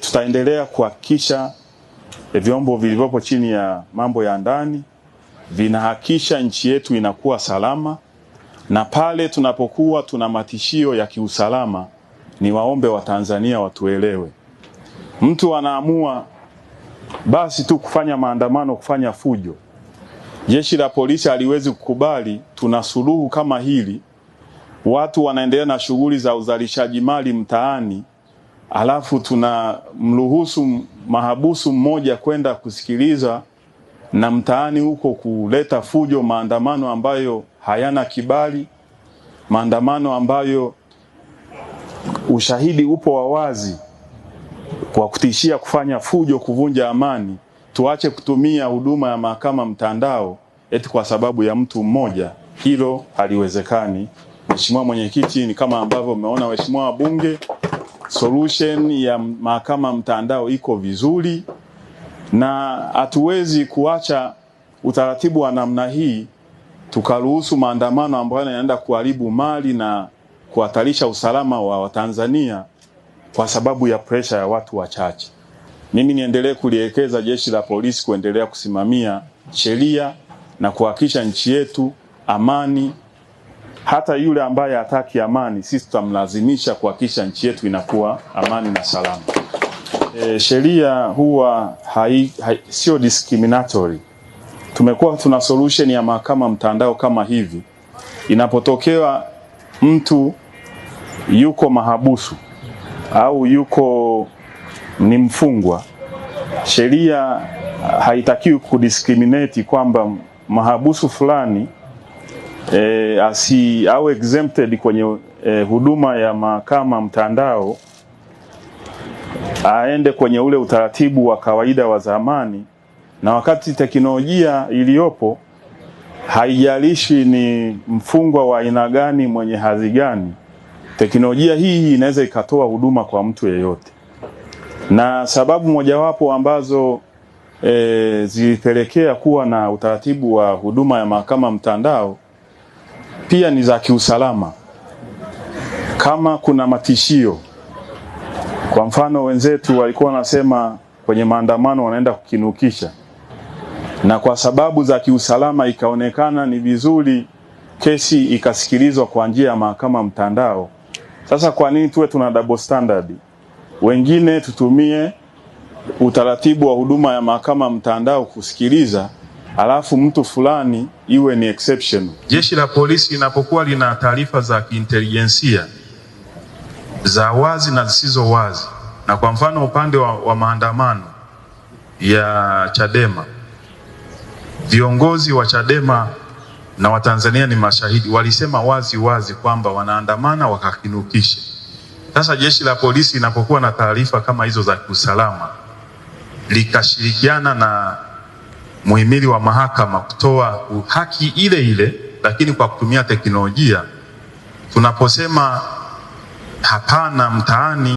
Tutaendelea kuhakikisha eh, vyombo vilivyopo chini ya mambo ya ndani vinahakisha nchi yetu inakuwa salama, na pale tunapokuwa tuna matishio ya kiusalama, ni waombe Watanzania watuelewe. Mtu anaamua basi tu kufanya maandamano, kufanya fujo. Jeshi la polisi haliwezi kukubali. Tuna suluhu kama hili, watu wanaendelea na shughuli za uzalishaji mali mtaani alafu tunamruhusu mahabusu mmoja kwenda kusikiliza na mtaani huko kuleta fujo, maandamano ambayo hayana kibali, maandamano ambayo ushahidi upo wa wazi kwa kutishia kufanya fujo, kuvunja amani. Tuache kutumia huduma ya mahakama mtandao eti kwa sababu ya mtu mmoja, hilo haliwezekani. Mheshimiwa Mwenyekiti, ni kama ambavyo umeona waheshimiwa wabunge solution ya mahakama mtandao iko vizuri, na hatuwezi kuacha utaratibu wa namna hii tukaruhusu maandamano ambayo yanaenda kuharibu mali na kuhatarisha usalama wa Watanzania kwa sababu ya presha ya watu wachache. Mimi niendelee kulielekeza jeshi la polisi kuendelea kusimamia sheria na kuhakikisha nchi yetu amani hata yule ambaye hataki amani, sisi tutamlazimisha kuhakikisha nchi yetu inakuwa amani na salama. E, sheria huwa hai, hai, sio discriminatory. Tumekuwa tuna solution ya mahakama mtandao kama hivi, inapotokea mtu yuko mahabusu au yuko ni mfungwa, sheria haitakiwi kudiscriminate kwamba mahabusu fulani eh, asi au exempted kwenye eh, huduma ya mahakama mtandao, aende kwenye ule utaratibu wa kawaida wa zamani, na wakati teknolojia iliyopo haijalishi ni mfungwa wa aina gani, mwenye hadhi gani, teknolojia hii inaweza ikatoa huduma kwa mtu yeyote. Na sababu mojawapo ambazo e, zilipelekea kuwa na utaratibu wa huduma ya mahakama mtandao pia ni za kiusalama. Kama kuna matishio, kwa mfano wenzetu walikuwa wanasema kwenye maandamano wanaenda kukinukisha, na kwa sababu za kiusalama ikaonekana ni vizuri kesi ikasikilizwa kwa njia ya mahakama mtandao. Sasa kwa nini tuwe tuna double standard? Wengine tutumie utaratibu wa huduma ya mahakama mtandao kusikiliza alafu mtu fulani iwe ni exception. Jeshi la polisi linapokuwa lina taarifa za kiintelijensia za wazi na zisizo wazi, na kwa mfano upande wa, wa maandamano ya Chadema, viongozi wa Chadema na Watanzania ni mashahidi, walisema wazi wazi kwamba wanaandamana wakakinukisha Sasa jeshi la polisi linapokuwa na taarifa kama hizo za kiusalama likashirikiana na muhimili wa mahakama kutoa haki ile ile, lakini kwa kutumia teknolojia. Tunaposema hapana mtaani